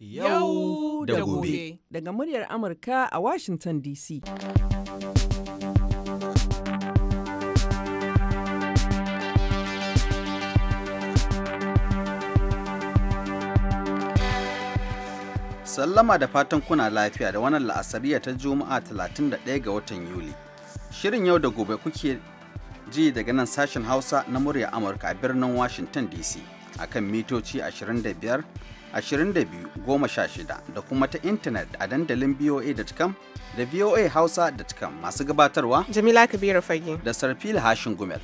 yau da gobe daga muryar amurka a washington dc sallama da fatan kuna lafiya da wannan la'asariya ta juma'a 31 ga watan yuli shirin yau da gobe kuke ji daga nan sashen hausa na murya amurka a birnin washington dc akan mitoci 25 sha shida da kuma ta intanet a dandalin voa.com da voahausa.com masu gabatarwa Jamila Kabiru Fage da Sarfil Hashin Gumel.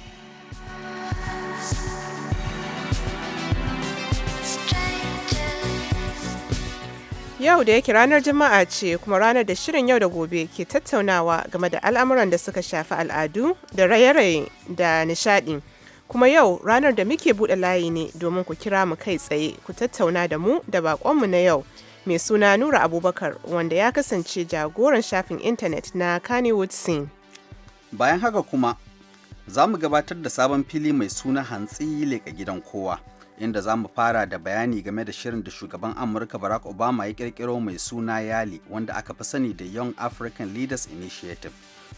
Yau da yake ranar Juma'a ce kuma ranar da shirin yau da gobe ke tattaunawa game da al'amuran da suka shafi al'adu da raye-raye da nishadi. Kuma yau ranar da muke buɗe layi ne domin ku kira mu kai tsaye ku tattauna da mu da baƙonmu na yau mai suna Nura Abubakar wanda ya kasance jagoran shafin intanet na Kannywood Scene. Bayan haka kuma za mu gabatar da sabon fili mai suna hantsi leƙa gidan kowa. inda za mu fara da bayani game da shirin da shugaban amurka barack obama ya kirkiro mai suna yali wanda aka fi sani da young african leaders initiative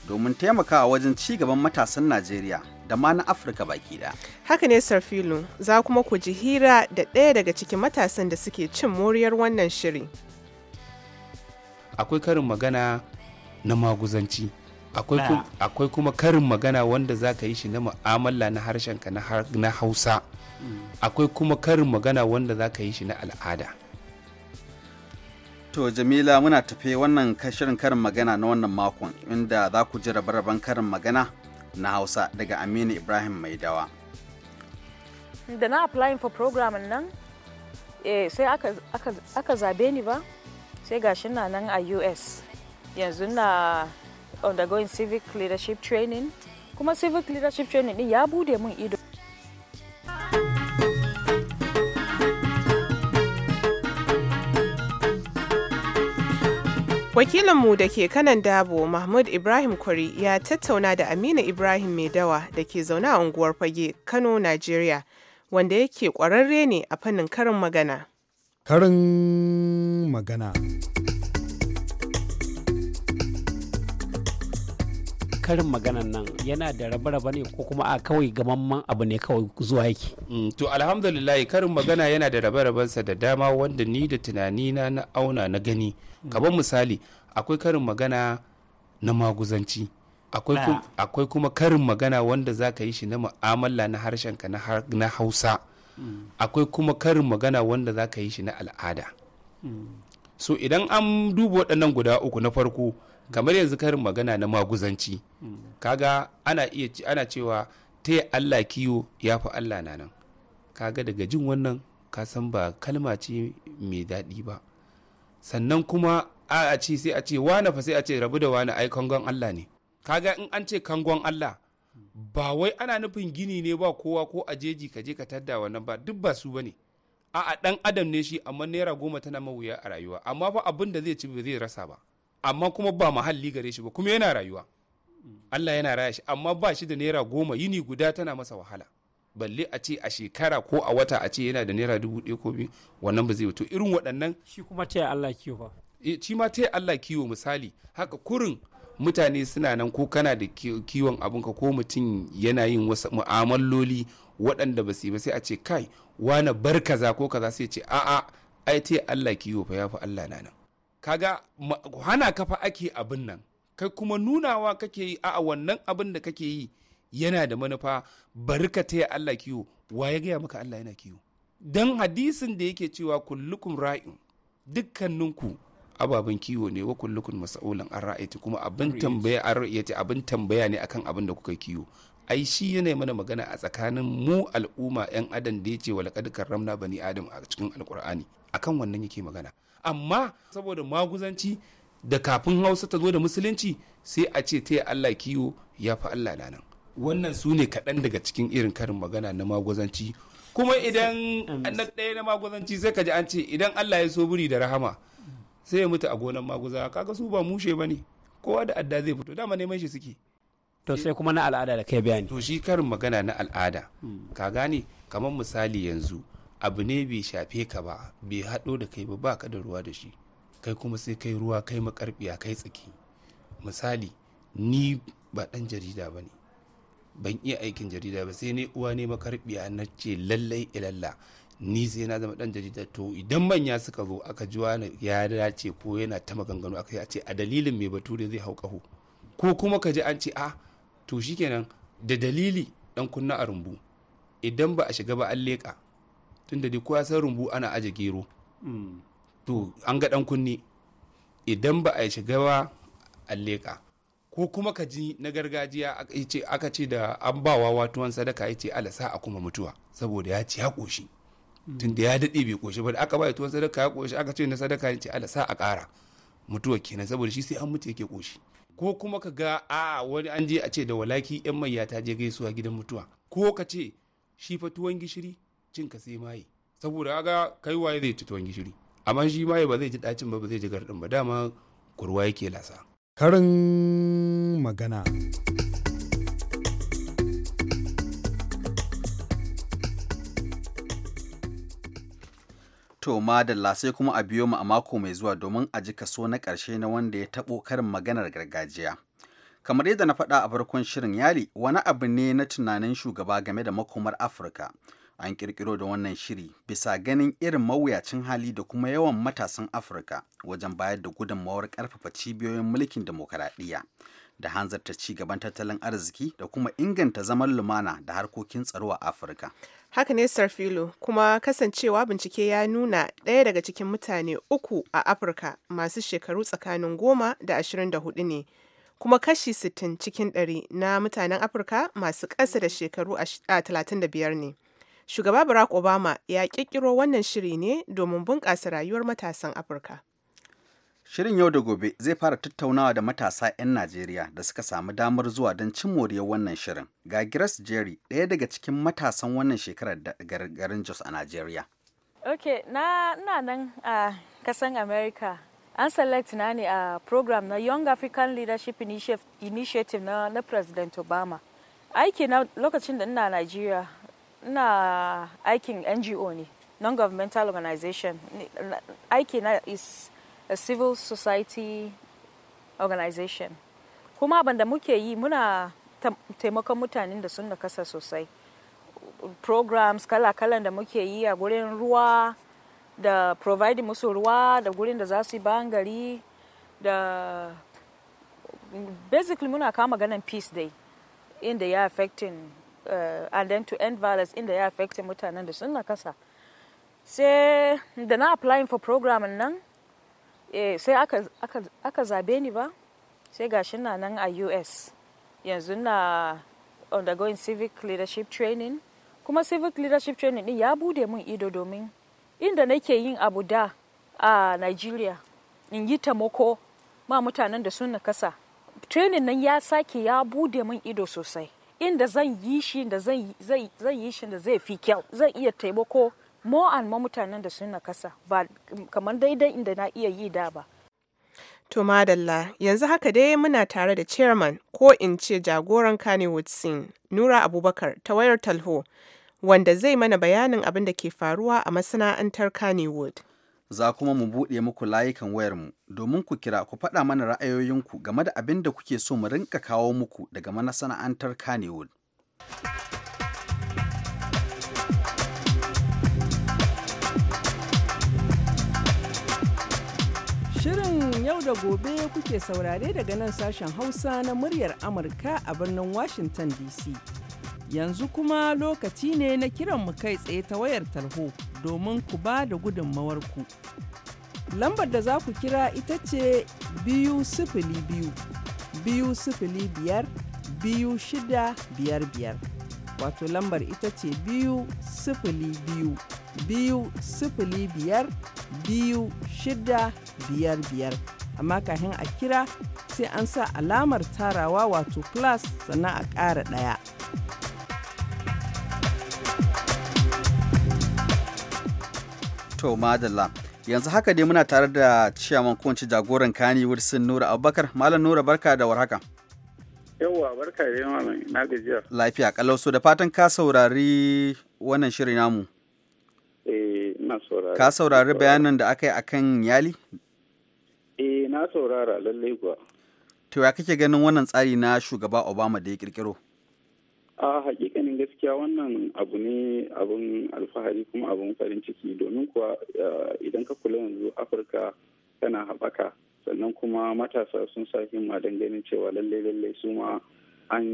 domin taimakawa wajen ci gaban matasan Najeriya da ma na Afirka baki ɗaya. Haka ne Sarfilu, za kuma ku ji hira da ɗaya daga cikin matasan da suke cin moriyar wannan shiri. Akwai karin magana na maguzanci. Akwai kuma karin magana wanda za ka yi shi na mu'amala na harshenka na Hausa. Mm. Akwai kuma karin magana wanda za ka yi shi na al'ada. To Jamila muna tafe wannan shirin karin magana na wannan makon inda za ku ji rabe karin magana na Hausa daga Aminu Ibrahim Maidawa. Da na applying for program nan eh, sai aka, aka, zabe ni ba sai gashi na nan a US yanzu na undergoing civic leadership training kuma civic leadership training din ya bude mun ido Wakilinmu da ke kanan dabo Mahmud Ibrahim Kwari ya tattauna da Aminu Ibrahim Maidawa da ke zaune a unguwar fage Kano, Najeriya, wanda yake kwararre ne a fannin karin magana. Karin magana. karin maganan nan yana da rabe-rabe ne ko kuma a kawai gamamman abu ne kawai zuwa yake mm, to alhamdulillah karin magana yana da rabe-rabensa da dama wanda ni da tunanina na auna na gani mm. kamar misali akwai karin magana na maguzanci ah. akwai kuma karin magana wanda za ka yi shi na mu'amala na harshenka na hausa mm. akwai kuma karin magana wanda za ka yi shi na al'ada so idan an duba waɗannan guda uku na farko kamar yanzu karin magana na maguzanci kaga ana iya ana cewa ta yi Allah kiwo ya fi Allah na nan kaga daga jin wannan ka san ba kalma ce mai daɗi ba sannan kuma a ce sai a ce wane fa sai a ce rabu da wane ai kangon Allah ne kaga in an ce kangon Allah ba wai ana nufin gini ne ba kowa ko a jeji ka je ka tadda wannan ba duk ba su bane a'a dan adam ne shi amma naira goma tana mawuya a rayuwa amma fa abin da zai ci ba zai rasa ba amma kuma ba muhalli gare shi ba kuma yana rayuwa Allah yana raya shi amma ba shi da naira goma yini guda tana masa wahala balle a ce a shekara ko a wata a ce yana da naira dubu ɗaya ko biyu wannan ba zai wuto irin waɗannan shi kuma taya Allah kiwo ba eh, shi ma taya Allah kiwo misali haka kurin mutane suna nan ko kana da kiwon abinka ko mutum yana yin wasu mu'amaloli waɗanda ba su ba sai a ce kai wani bar kaza ko kaza sai ce a'a ai taya Allah kiwo fa ya fi Allah na nan kaga hana kafa ake abin nan kai kuma nunawa kake yi a wannan abin da kake yi yana da manufa bari ka taya Allah kiwo wa ya gaya maka Allah yana kiwo dan hadisin da yake cewa kullukum ra'in dukkaninku ababen kiwo ne wa kullukun mas'ulan an kuma abin tambaya an abin tambaya ne akan abin da kuka kiwo ai shi yana mana magana a tsakanin mu al'umma yan adam da yace wa karramna bani adam a cikin alqur'ani akan wannan yake magana amma saboda maguzanci da kafin hausa ta zo da musulunci sai a ce ta allah kiwo ya fi allah na nan wannan su ne kaɗan daga cikin irin karin magana na maguzanci. kuma idan na ɗaya na maguzanci sai ka ji an ce idan allah ya so buri da rahama sai ya mutu a gonan maguza kaga su ba mushe ba ne kowa da adda zai fito dama neman shi suke to sai kuma na al'ada da kai bayani to shi karin magana na al'ada ka gane kamar misali yanzu abu ne bai shafe ka ba bai haɗo da kai ba ba ka da ruwa da shi kai kuma sai kai ruwa kai a kai tsaki misali ni ba ɗan jarida ba ne ban iya aikin jarida ba sai ne uwa ne a na ce lallai ilalla ni sai na zama ɗan jarida to idan manya suka zo aka ji wani ya dace ko yana ta maganganu aka yi a ce a dalilin mai bature zai hau ƙaho ko kuma ka ji an ce a ah, to shikenan da dalili ɗan kunna a rumbu idan ba a shiga ba an leƙa tunda da kowa san rumbu ana aje gero mm. to an ga dan kunni idan ba a shiga ba alleka. ko kuma ka ji na gargajiya aka ce da an ba wa watuwan sadaka ya ce alasa a kuma mutuwa saboda ya ci ya ƙoshi mm. tunda ya daɗe bai ƙoshi ba da aka ba tuwon sadaka ya ƙoshi aka ce na sadaka ya ce alasa a ƙara mutuwa kenan saboda shi sai an mutu yake ƙoshi ko kuma ka ga a wani an je a ce da walaki yan mai ta je gaisuwa gidan mutuwa ko ka ce shi fa tuwon gishiri cin ka sai maye saboda kaga kai waye zai ci tuwon gishiri amma shi maye ba zai ji dacin ba ba zai ji gardin ba dama kurwa yake lasa karin magana To madalla sai kuma a biyo mu a mako mai zuwa domin a ji kaso na ƙarshe na wanda ya taɓo karin maganar gargajiya. Kamar yadda na faɗa a farkon shirin yali wani abu ne na tunanin shugaba game da makomar Afirka. an kirkiro da wannan shiri bisa ganin irin mawuyacin hali da kuma yawan matasan afirka wajen bayar da gudunmawar karfafa cibiyoyin mulkin demokaradiyya da hanzarta ci gaban tattalin arziki da kuma inganta zaman lumana da harkokin tsaro a afirka haka ne sarfilo kuma kasancewa bincike ya nuna ɗaya daga cikin mutane uku a afirka masu shekaru tsakanin goma da ashirin da hudu ne kuma kashi 60 cikin ɗari na mutanen afirka masu ƙasa da shekaru 35 ne Shugaba Barack Obama ya kirkiro wannan shiri ne domin bunƙasa rayuwar matasan Afirka. Shirin yau da gobe zai fara tattaunawa da matasa 'yan Najeriya da suka samu damar zuwa don cin moriyar wannan shirin. Ga giras Jerry ɗaya daga cikin matasan wannan shekarar da garin Jos a Najeriya. Ok, na nan a uh, kasan America. An select na ne a program na Young African Leadership Initiative na, na President Obama. Aiki na lokacin da ina Najeriya ina aikin ngo ne non-governmental organization aiki na is a civil society organization kuma Banda muke yi muna taimakon mutanen da sun na kasa sosai programs kala-kalan da muke yi a gurin ruwa da providing musu ruwa da gurin da za su yi bayan gari da basically muna kama ganin peace day inda ya affecting Eh, and then to end violence inda ya affect mutanen da sun nakasa sai da na applying for program nan eh, sai aka zabe ni ba sai gashi na nan a us yanzu na undergoing civic leadership training kuma civic leadership training din ya bude min ido domin inda nake yin abu da a nigeria in yi tamako ma mutanen da sun nakasa training nan ya sake ya bude mun ido sosai inda zan yi shi da zan yi shi da zai fi kyau zan iya taimako mo'an ma ma mutanen da suna kasa ba kamar daidai inda na iya yi da ba To madalla yanzu haka dai muna tare da chairman ko in ce jagoran Kannywood Singh Nura Abubakar ta wayar talho wanda zai mana bayanin abin da ke faruwa a masana'antar Kannywood. za kuma mu buɗe muku layukan wayarmu domin ku kira ku faɗa mana ra'ayoyinku game da abin da kuke so mu rinka kawo muku daga masana'antar Kannywood. Shirin yau da gobe kuke saurare daga nan sashen Hausa na muryar Amurka a birnin Washington DC. Yanzu kuma lokaci ne na kiran mu kai tsaye ta wayar tarho domin ku ba da ku Lambar da za ku kira ita ce biyu sifili biyu, biyu sifili biyar, biyu shida biyar biyar. Wato lambar ita ce biyu sifili biyu, biyu sifili biyar, biyu shida biyar biyar. Amma kafin a kira sai an sa alamar tarawa wato class sannan a ƙara ɗaya. To madalla. Yanzu haka dai muna tare da ciyaman kowace jagoran kani Wilson Nura Abubakar. Malam Nura barka da warhaka. Yawwa barka da yawa na gajiyar Lafiya kalau da fatan ka saurari wannan shirin namu. Eh, ka saurari bayanan da aka yi kan yali? Eh na saurara lallai kuwa. To ya kake ganin wannan tsari na shugaba Obama da ya kirkiro? a hakikanin gaskiya wannan abu ne abun alfahari kuma abun farin ciki domin kuwa idan ka kula yanzu afirka tana haɓaka sannan kuma matasa sun sa himma don ganin cewa lallai lallai su ma an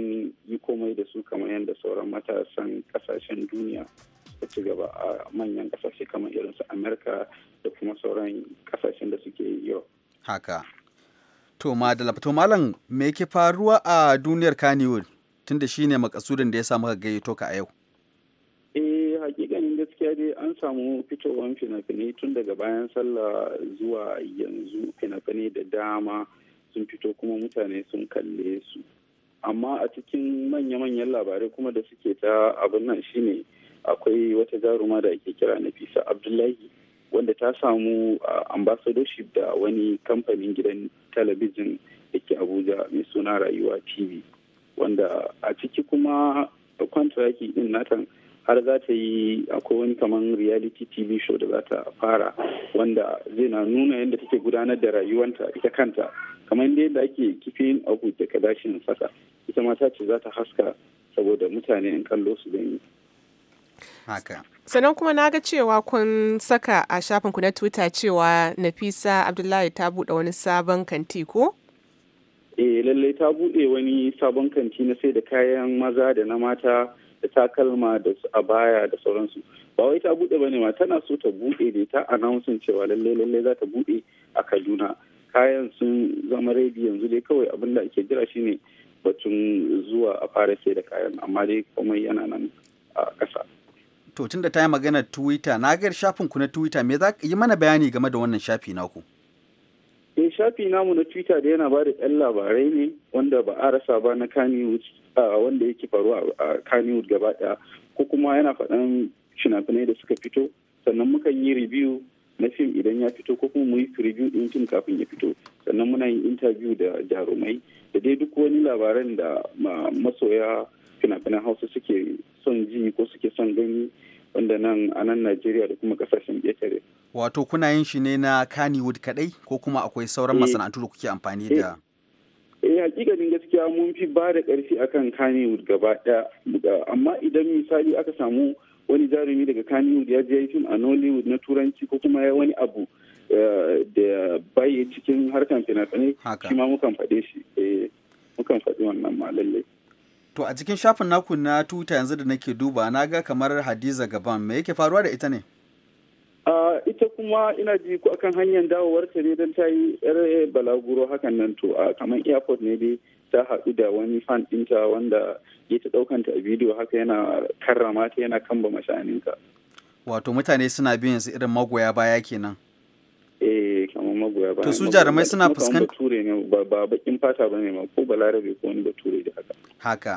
yi komai da su kamar yadda sauran matasan kasashen duniya da ci gaba a manyan kasashe kamar irin su amerika da kuma sauran kasashen da suke yau haka to malam me ke faruwa a duniyar kaniwood tunda ne makasudin da ya sa muka gayyato ka a yau eh hakikanin gaskiya dai an samu fitowar fina-finai tun daga bayan sallah zuwa yanzu fina-finai da dama sun fito kuma mutane sun kalle su amma a cikin manya-manyan labarai kuma da suke ta abin nan shi ne akwai wata jaruma da ake kira nafisa abdullahi wanda ta samu ah, ambassadorship da wani kamfanin gidan talabijin da ke abuja mai suna rayuwa tv wanda a ciki kuma kwantiraki din natan har za ta yi akwai wani kaman reality tv show da za ta fara wanda zai na nuna yadda take gudanar da rayuwanta ita kanta kamar yadda ake kifin abu da kadashin saka ita mata ce za ta haska saboda mutane in kallo su gani sannan kuma na ga cewa kun saka a shafin ku na twitter cewa nafisa abdullahi ta buɗe wani sabon kanti ko eh lallai ta buɗe wani sabon kanti na sai da kayan maza da na mata da takalma da a baya da sauransu ba wai ta buɗe bane ma tana so ta buɗe da ta announcing cewa lallai lallai za ta buɗe a Kaduna kayan sun zama ready yanzu dai kawai abin da ake jira shine batun zuwa a fara sai da kayan amma dai komai yana nan a ƙasa to da ta yi magana Twitter na ga shafin ku na Twitter me za ka yi mana bayani game da wannan shafi naku Eh shafi namu na Twitter da yana bada yan labarai ne wanda ba a rasa ba na Kannywood wanda yake faru a Kannywood gaba ɗaya ko kuma yana faɗan shinafinai da suka fito sannan muka yi review na fim idan ya fito ko kuma mu yi review ɗin fim kafin ya fito sannan muna yin interview da jarumai da dai duk wani labaran da masoya fina hausa suke son ji ko suke son gani wanda nan a nan Najeriya da kuma kasashen ƙetare. Wato kuna yin shi ne na Kannywood kaɗai ko kuma akwai sauran eh. masana'antu da kuke amfani da? Eh, eh hakikanin gaskiya mun fi ba da ƙarfi akan Kannywood gaba ɗaya amma idan misali aka samu wani jarumi daga Kannywood ya je fim a Nollywood na Turanci ko kuma ya wani abu eh, da baye cikin harkan fina-finai shi ma mukan faɗe shi mukan faɗi wannan ma lallai. To a cikin shafin naku na tuta yanzu da nake duba na ga kamar Hadiza Gaban me yake faruwa da ita ne? ita kuma ina ji ko akan hanyar dawowar ta ne don ta yi yar eh, balaguro hakan nan to a kamar airport ne dai ta haɗu da wani fan ɗinta wanda ya ta ɗaukan ta a bidiyo haka yana karrama ta yana kamba mashaninka. Wato mutane suna biyan su irin magoya baya kenan. Eh yake kamar magoya ba. To su jarumai suna fuskantar. bature ne ba bakin fata ba ne ma ko balarabe ko wani bature da haka. Haka.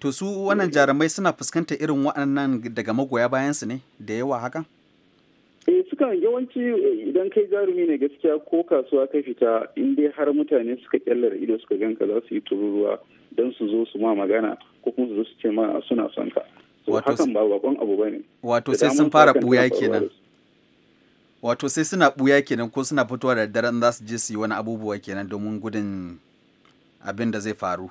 To su wannan jarumai suna fuskantar irin waɗannan daga magoya bayan su ne da yawa haka? eh suka yawanci eh, idan kai jarumi ne gaskiya ko kasuwa ka fita in dai har mutane suka kyallar ido suka ganka za su yi tururuwa don su zo su ma magana ko kuma su zo su ce ma suna son ka so hakan ba bakon abu bane wato sai sun fara buya kenan wato sai suna buya kenan ko suna fitowa da daren za su je su yi wani abubuwa kenan domin gudun abin da zai faru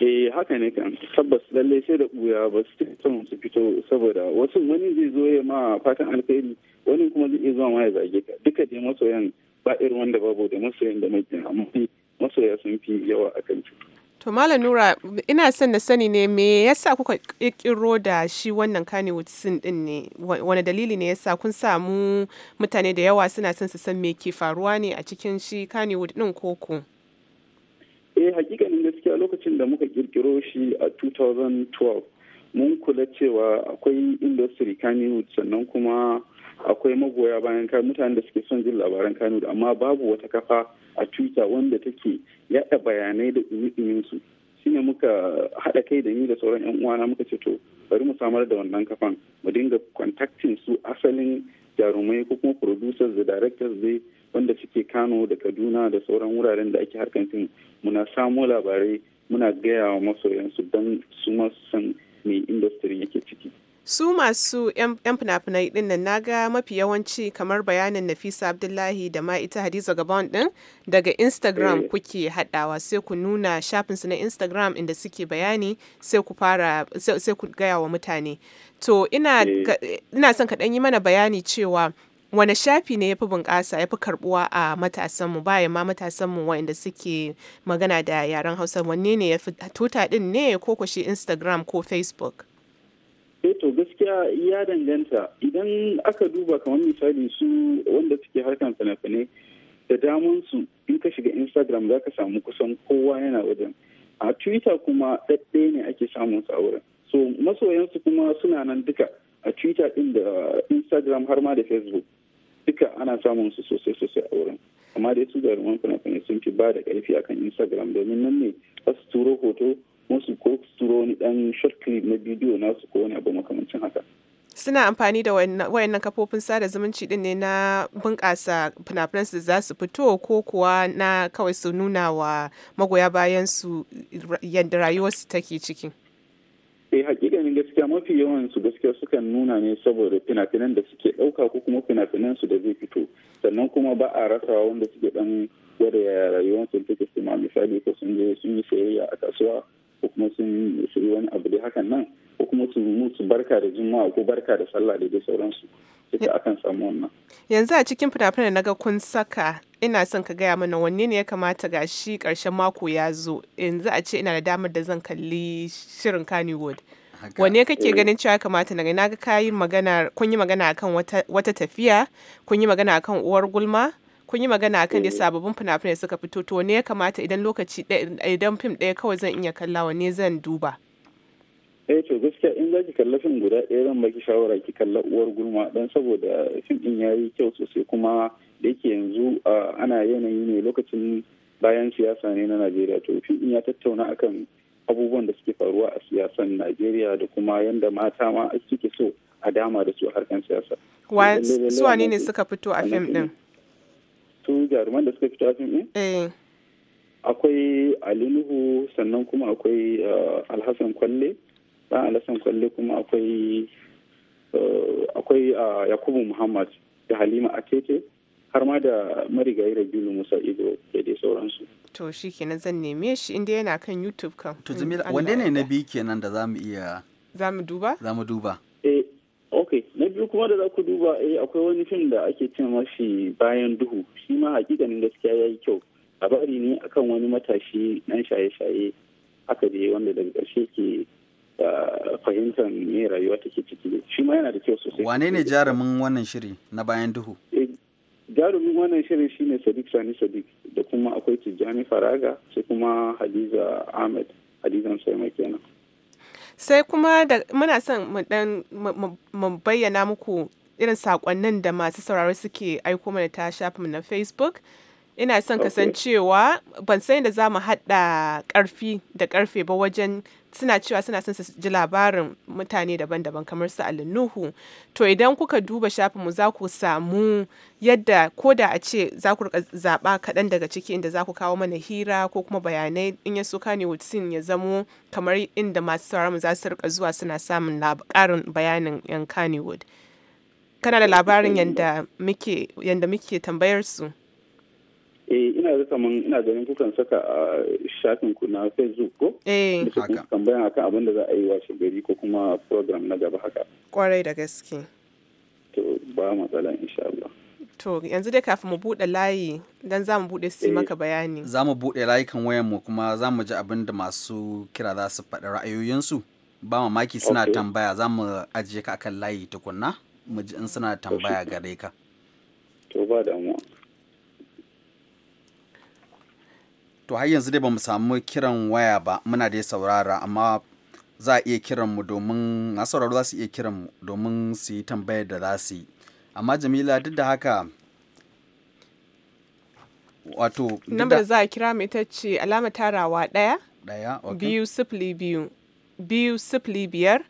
eh haka ne kan tabbas lallai sai da buya ba su son su fito saboda wasu wani zai zo ya ma fatan alkhairi wani kuma zai iya zuwa ma ya zage ka duka dai masoyan ba irin wanda babu da masoyan da mai amma masoya sun fi yawa akan cutu To Malam Nura, ina son na sani ne me yasa kuka kirkiro da shi wannan Kannywood sin din ne? Wani dalili ne yasa kun samu mutane da yawa suna son su san me ke faruwa ne a cikin shi Kannywood din koko? Eh hakikanin gaskiya lokacin da muka kirkiro shi a 2012 mun kula cewa akwai industry Kannywood sannan kuma akwai magoya bayan kan mutanen da suke son jin labaran kano amma babu wata kafa a twitter wanda take yada bayanai da dumi su shine muka haɗa kai da ni da sauran yan uwana muka ce to bari mu samar da wannan kafan mu dinga contacting su asalin jarumai ko kuma producers da directors dai wanda suke kano da kaduna da sauran wuraren da ake harkan fim muna samo labarai muna gaya wa masoyansu don su su san me industry yake ciki Su masu 'yan fina-finai ɗinnan na ga mafi yawanci kamar bayanin Nafisa Abdullahi da ma ita Hadiza Gabon din daga Instagram eh. kuke haɗawa sai ku nuna shafinsu na Instagram inda suke bayani sai ku fara sai ku gaya wa mutane. To ina eh. son ka yi mana bayani cewa wane shafi ne ya fi bunƙasa ya fi karɓuwa a matasanmu bayan ma matasanmu waɗanda suke magana da yaren hausa wanne ne ya fi tuta ɗin ne ko shi instagram ko facebook Eh, to gaskiya ya danganta idan aka duba kamar misali su wanda suke harkan fina-finai da damansu in ka shiga instagram za ka samu kusan kowa yana wajen a twitter kuma ɗaɗɗe ne ake samun su a wurin so masoyansu kuma suna nan duka a twitter ɗin da instagram har ma da facebook duka ana samun su sosai sosai a wurin amma dai su jaruman fina-finai sun fi ba da ƙarfi akan instagram domin nan ne za su turo hoto musu ko su turo wani dan short clip na bidiyo nasu ko wani abu makamancin haka suna amfani da wayannan kafofin sada zumunci din ne na bunkasa fina-finan su za su fito ko kuwa na kawai su nuna wa magoya bayan su yadda rayuwarsu take ciki eh ne gaskiya mafi yawan su gaskiya sukan nuna ne saboda fina-finan da suke ɗauka ko kuma fina-finan su da zai fito sannan kuma ba a rasawa wanda suke dan gwada rayuwarsu take su ma misali ko sun je sun yi sayayya a kasuwa ko kuma sun yi wani abu dai hakan nan ko kuma su mutu barka da juma'a ko barka da sallah da dai sauransu sai akan samu wannan yanzu a cikin fina-finan na ga kun saka ina son ka gaya mana wanne ne ya kamata ga shi karshen mako ya zo yanzu a ce ina da damar da zan kalli shirin Kannywood. wanne kake eh. ganin cewa kamata na na ga kayi magana kun yi magana akan wata, tafiya kun yi magana akan uwar gulma kun yi magana akan da eh. sababbin fina-finai suka fito to ne ya kamata idan lokaci idan fim ɗaya kawai zan iya kalla wane zan duba eh to gaskiya in zaki kalla fim guda ɗaya zan baki shawara ki kalla uwar gulma don saboda fim din yi kyau sosai kuma da yake yanzu ana yanayi ne lokacin bayan siyasa ne na Najeriya to fim din ya tattauna akan abubuwan da suke faruwa a siyasan Najeriya da kuma yanda mata ma suke so a dama da su harkan siyasa. Wa ne ne suka fito a fim ɗin. su jaruman da suka fito a eh. Akwai Ali Nuhu sannan kuma akwai eh, Alhassan Kwalle, ɗan Alhassan Kwalle kuma akwai eh, akwai Yakubu Muhammad da Halima Akeke har ma da marigayi Rabiulu Musa Ido da dai sauransu. To shi kenan zan neme shi inda yana kan YouTube kan. To Jamila, mm, wanne ne na biyu kenan da za mu iya? Za mu duba? Eh, okay. na biyu kuma da za ku duba eh akwai wani fim da ake ce mashi bayan duhu shi ma hakikanin gaskiya ya yi kyau labari ne akan wani matashi nan shaye-shaye aka je wanda daga ƙarshe ke ah, fahimtar me rayuwa take ciki shi ma yana da kyau sosai wane ne jarumin wannan shiri na bayan duhu eh, jarumin wannan shirin shine sadiq sani sadiq da kuma akwai tijjani faraga sai kuma hadiza ahmed hadizan sai kenan sai kuma da muna son mu dan mu bayyana muku irin sakonnin da masu sauraro suke aiko mana ta shafinmu na facebook ina son kasancewa ban san da za mu haɗa ƙarfi da ƙarfe ba wajen suna cewa suna son su ji labarin mutane daban-daban kamar su alinuhu to idan kuka duba shafinmu za ku samu yadda ko da a ce za ku zaɓa kaɗan daga ciki inda za ku kawo mana hira ko kuma bayanai in ya so kane wutsin ya zamo kamar inda masu sauraron za su rika zuwa suna samun labarin bayanin yan kanewood kana da labarin yadda muke tambayar su eh ina kaman ina ganin kukan saka a shafin ku na facebook ko eh haka tambayan akan abin da za a yi washe gari ko kuma program na gaba haka kwarai da gaske to ba matsala insha Allah to yanzu dai kafin mu bude layi dan za mu bude su eh. maka bayani za mu bude layukan wayan mu kuma za mu ji abin da masu kira za su faɗi ra'ayoyinsu ba mamaki suna tambaya za mu ajiye ka akan layi tukunna mu ji in suna tambaya gare ka to ba damuwa to har yanzu dai ba mu samu kiran waya ba muna dai saurara amma za a iya kiran mu domin na sauraro za su iya kiran mu domin su yi tambayar da za su yi amma jamila duk da haka wato nambar za a kira mai ta ce alama tarawa ɗaya ɗaya biyu sifili biyu biyu sifili biyar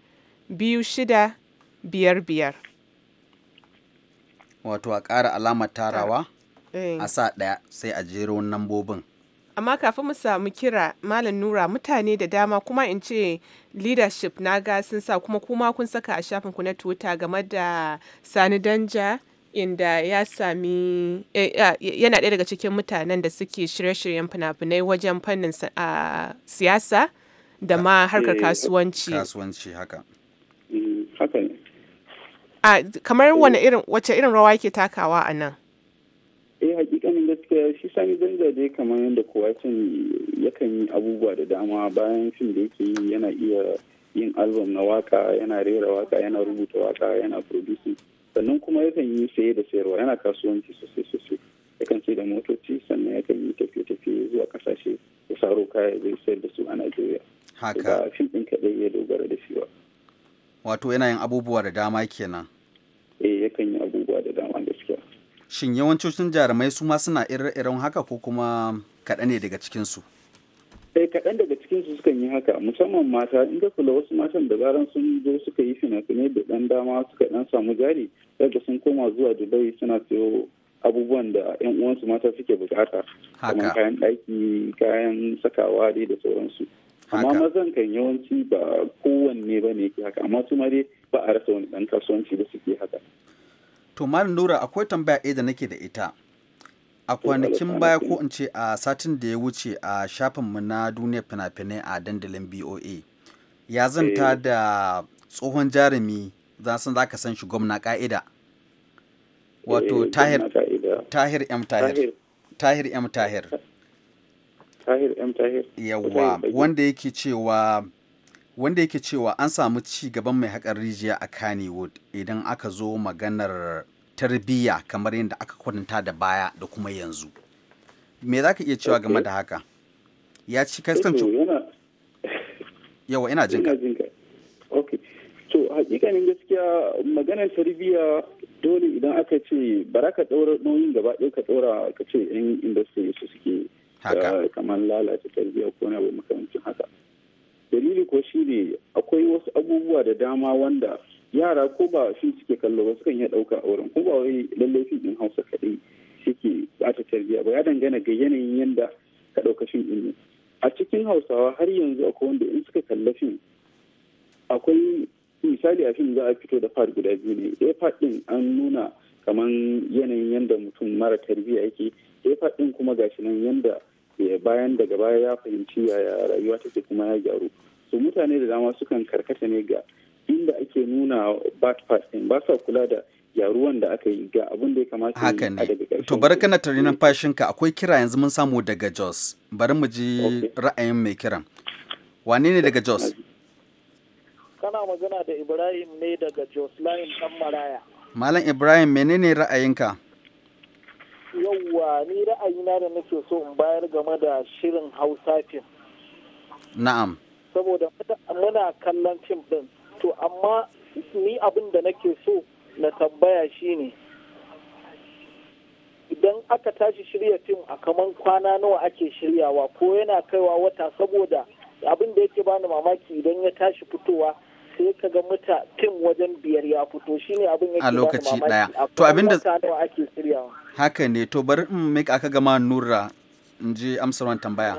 biyu shida biyar biyar wato a ƙara alama tarawa eh. a sa ɗaya sai a jero nambobin amma kafin mu samu kira malam nura mutane da dama kuma in ce leadership na ga sun sa kuma kuma kun saka a shafin ku na twitter game da sani danja inda ya sami eh, yana ɗaya daga cikin mutanen da suke shirye-shiryen fina-finai wajen fannin siyasa da ma eh, harkar kasuwanci haka mm, kamar wacce irin wace irin rawa yake takawa a nan eh, gaskiya shi sani danja dai kamar yadda kowa can yakan yi abubuwa da dama bayan fim da yake yi yana iya yin album na waka yana rera waka yana rubuta waka yana producing sannan kuma yakan yi saye da sayarwa yana kasuwanci sosai sosai yakan sai da motoci sannan yakan yi tafiye-tafiye zuwa kasashe ya saro kaya zai sayar da su a Najeriya. Haka. fim ɗin kaɗai ya dogara da shi Wato yana yin abubuwa da dama kenan. eh yakan yi shin yawancin jarumai su ma suna irin iren haka ko kuma kaɗan ne daga cikinsu sai eh, kaɗan daga cikinsu sukan yi haka musamman mata inda kula wasu matan da zaran sun zo suka yi fina-finai da ɗan dama suka ɗan samu jari daga sun koma zuwa dubai suna siyo abubuwan da 'yan uwansu mata suke bukata kamar kayan ɗaki kayan sakawa dai da sauransu amma mazan kan yawanci ba kowanne ba ne ke haka amma su ma dai ba a rasa wani ɗan kasuwanci da suke haka to malam nura akwai tambaya ɗaya da nake da ita a kwanakin baya ko in ce a satin da ya wuce a shafinmu na duniya fina-finai a dandalin boa ya zanta eh. da tsohon jarumi za san za ka san shi gwamna ka'ida wato eh, tahir tahir m tahir tahir m tahir tahir wanda yake cewa wanda yake cewa an samu ci gaban mai haƙar rijiya a Kannywood idan aka zo maganar tarbiyya kamar yadda aka kwanta da baya da kuma yanzu. Me za ka iya cewa game da haka? Ya ci kasance. Yawa ina jinka. Ok. To, hakikanin gaskiya maganar tarbiyya dole idan aka ce bara ka ɗaura nauyin gaba ɗaya ka ɗaura ka ce 'yan industry su suke eh, kamar lalata tarbiyya ko na abu makamancin haka. dalili ko shi ne akwai wasu abubuwa da dama wanda yara ko ba shi suke kallo ba sukan iya ɗauka a wurin ko ba wai lallai fim ɗin hausa kaɗai suke bata tarbiyya ba ya dangana ga yanayin yanda ka ɗauka fim ɗin a cikin hausawa har yanzu akwai wanda in suka kalla fim akwai misali a fim za a fito da fad guda biyu ne ɗaya fad ɗin an nuna kamar yanayin yanda mutum mara tarbiyya yake ɗaya fad ɗin kuma gashi nan yanda Eh, bayan daga baya ya fahimci yaya rayuwa take kuma ya gyaru su mutane da dama sukan karkata ne ga inda ake nuna bad din ba sa kula da gyaruwan da aka yi ga abin da ya kamata haka ne to bari kana tare eh. ka akwai kira yanzu mun samu daga Jos bari mu ji ra'ayin mai kiran wane ne daga Jos kana magana da Ibrahim ne daga Jos Layin kan Maraya Malam Ibrahim menene ra'ayinka yauwa ni ra'ayina da nake so in bayar game da shirin hausa fim na'am saboda muna kallon fim din to amma ni abin da nake so na tambaya shine idan aka tashi shirya fim a kaman kwana nawa ake shiryawa ko yana kaiwa wata saboda abin da yake bani mamaki idan ya tashi fitowa sai ka ga muta tim wajen biyar ya fito shine abin yake a lokaci daya to abin da ake shiryawa haka ne to bari in mika aka gama nura in ji amsar wannan tambaya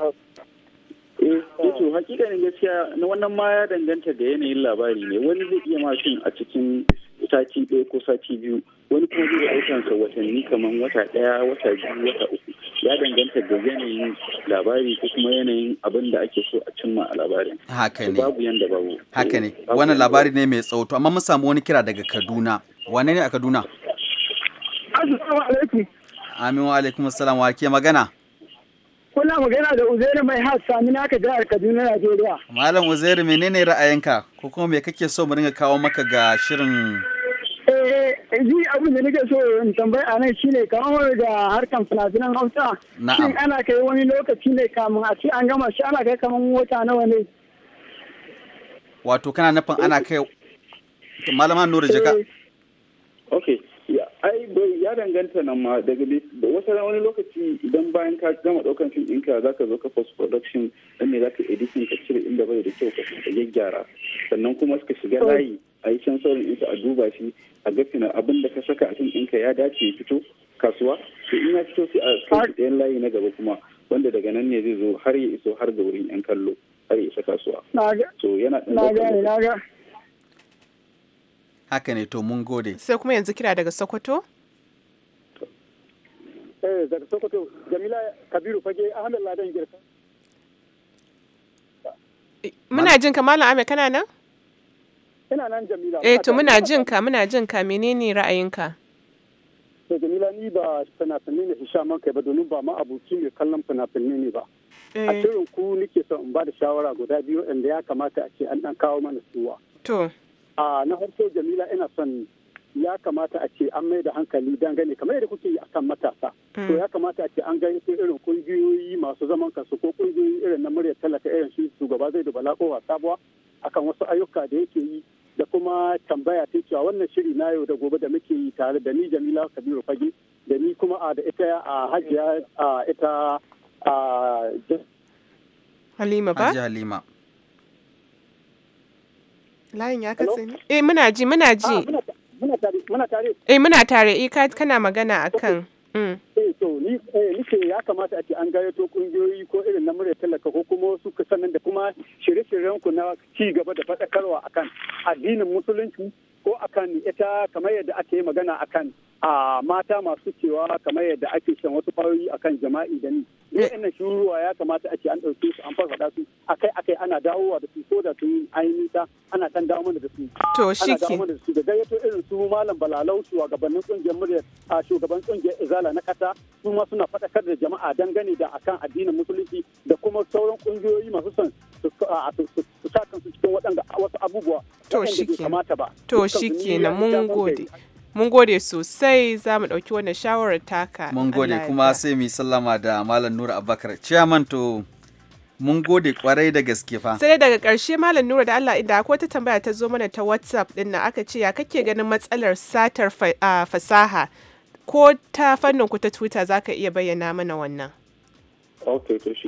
eh, eh to hakikanin gaskiya na wannan ma ya danganta da yanayin labari ne wani zai iya mashin a cikin sati ɗaya ko sati biyu wani kuma zai aikansa watanni kamar wata ɗaya wata biyu wata uku ya danganta da yanayin labari ko kuma yanayin abin da ake so a cimma a labarin. Haka ne. Babu yanda babu. Haka ne. Wannan labari ne mai tsawo amma mun samu wani kira daga Kaduna. Wane ne a Kaduna? Assalamu alaikum. Amin wa alaikum assalam wa ke magana? Kuna magana da Uzairu mai hassa na ka jihar Kaduna Najeriya. Malam Uzairu menene ra'ayinka ko kuma me kake so mu dinga kawo maka ga shirin ji eh, abin da nake so in tambaya a nan shine kamar da harkan finafinan hausa shin ana kai wani lokaci ne kamun a ce an gama shi ana kai kamar wata nawa ne wato kana nufin ana kai malama nura jaka eh, ok ai bai ya danganta nan ma daga da wasu wani lokaci idan bayan ka gama daukan fim ɗinka za ka zo ka post production dan ne za ka editing ka cire inda bai da kyau ka gyaggyara sannan kuma suka shiga layi a yi sansorin ita a duba shi a ga abin da ka saka a cikin ɗinka ya dace ya fito kasuwa to in ya fito sai a kai ɗayan layi na gaba kuma wanda daga nan ne zai zo har ya iso har ga wurin yan kallo har ya isa kasuwa to yana ɗan haka ne to mun gode sai kuma yanzu kira daga sokoto eh daga sokoto jamila kabiru fage ahmed ladan girka eh, muna jin kamala ame kana nan Ina nan Jamila. Eh to muna jin ka muna jin ka menene ra'ayinka? To Jamila ni ba fina-finai ne man kai ba domin ba ma aboki mai kallon fina-finai ne ba. A cikin eh. ku nake son in ba da shawara guda biyu inda ya kamata a ce an dan kawo mana suwa. To. A na farko Jamila ina son ya kamata a ce an mai da hankali dangane kamar yadda kuke yi akan matasa. To hmm. ya kamata a ce an gani su irin kungiyoyi masu zaman kansu ko kungiyoyi irin na murya talaka irin shi shugaba zai da balakowa sabuwa akan wasu ayyuka da yake yi da kuma tambaya ta cewa wannan shiri na yau da gobe da muke yi tare da ni jamila kabiru fage da ni kuma a da ita a hajiya a ita a halima ba hajiya halima layin ya kasa ne eh muna ji muna ji ah, muna tare muna tare eh muna tare eh kana magana akan Mm. Eh, ni eh, nike ya kamata a ce an gayyato kungiyoyi ko irin na murya talaka ko kuma wasu sannan da kuma shirye shiryenku na ci gaba da faɗakarwa akan addinin musulunci ko akan ita kamar yadda ake magana akan a mata masu cewa kamar yadda ake shan wasu kwayoyi akan jama'i da ni. Duk eh. ina shuruwa ya kamata a ce an ɗauke su an farfaɗa su akai akai ana dawowa da su ko da tun an yi nisa ana kan dawo mana da su to shi ana dawo mana da su da gayyato irin su malam balalau su gabanin kungiyar murya a shugaban kungiyar izala na kasa su ma suna faɗakar da jama'a dangane da akan addinin musulunci da kuma sauran kungiyoyi masu son su sa kansu cikin waɗanda wasu abubuwa to shi kamata to shi na mun gode mun gode sosai za mu ɗauki wannan shawarar taka mun gode kuma sai mu sallama da malam nura abubakar ciyaman to mun gode kwarai da gaske fa sai daga karshe malam nura da Allah inda akwai wata tambaya ta zo mana ta WhatsApp din nan aka ce ya kake ganin matsalar satar fasaha ko ta fannin ku ta Twitter zaka iya bayyana mana wannan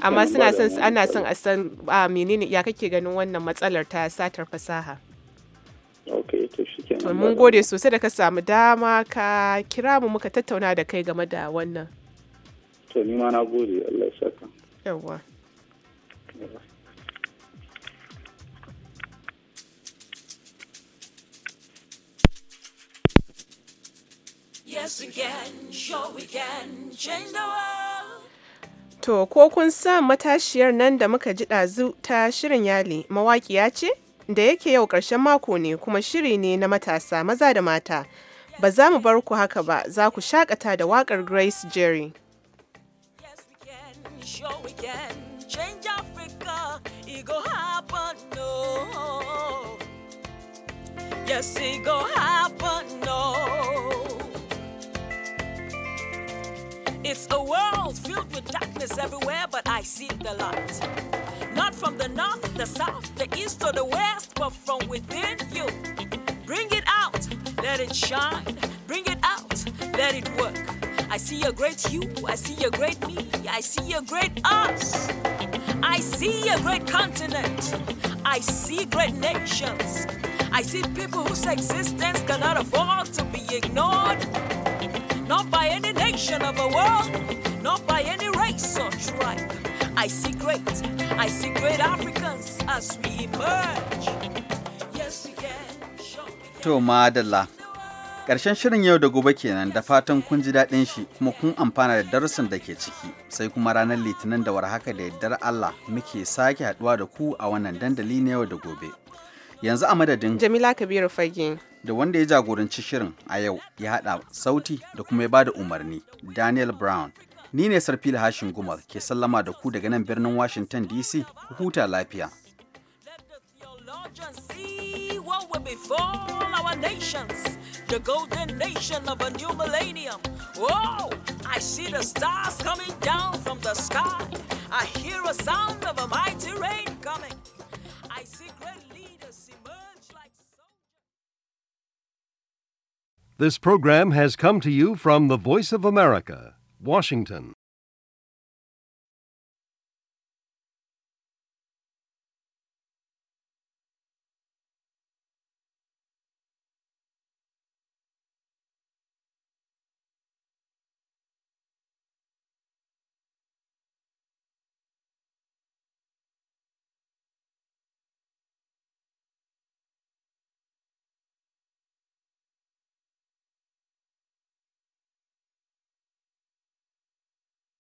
amma suna son ana son a san menene ya kake ganin wannan matsalar ta satar fasaha to mun gode sosai da ka samu dama ka kira mu muka tattauna da kai game da wannan to ni ma na gode Allah ya saka yawa To, ko kun sa matashiyar nan da muka ji ɗazu ta shirin yali mawaƙiya ce? Da yake yau ƙarshen mako ne kuma shiri ne na matasa maza da mata. Ba za mu bar ku haka ba, za ku shakata da waƙar Grace Jerry. Yes, we can, sure we can. it go happen, no. Yes, it go happen, no. It's a world filled with darkness everywhere, but I see the light. Not from the north, the south, the east, or the west, but from within you. Bring it out, let it shine. Bring it out, let it work. I see a great you, I see a great me, I see a great us. I see a great continent. I see great nations. I see people whose existence cannot afford to be ignored. Not by any nation of the world, not by any race or tribe. I see great, I see great Africans as we emerge. Yes, we can. Sure, we can. Ƙarshen shirin yau da gobe kenan da fatan kun ji daɗin shi kuma kun amfana da darussan da ke ciki sai kuma ranar litinin da warhaka da yardar Allah muke sake haɗuwa da ku a wannan dandali na yau da gobe. Yanzu a madadin Jamila Kabiru Fage da wanda ya jagoranci shirin a yau ya haɗa sauti da kuma ya bada umarni Daniel Brown. Ni ne sarfi Hashin Gumal ke sallama da ku daga nan birnin Washington DC huta lafiya. all our nations, the golden nation of a new millennium. Whoa! Oh, I see the stars coming down from the sky. I hear a sound of a mighty rain coming. I see great leaders emerge like soldiers. This program has come to you from the Voice of America, Washington.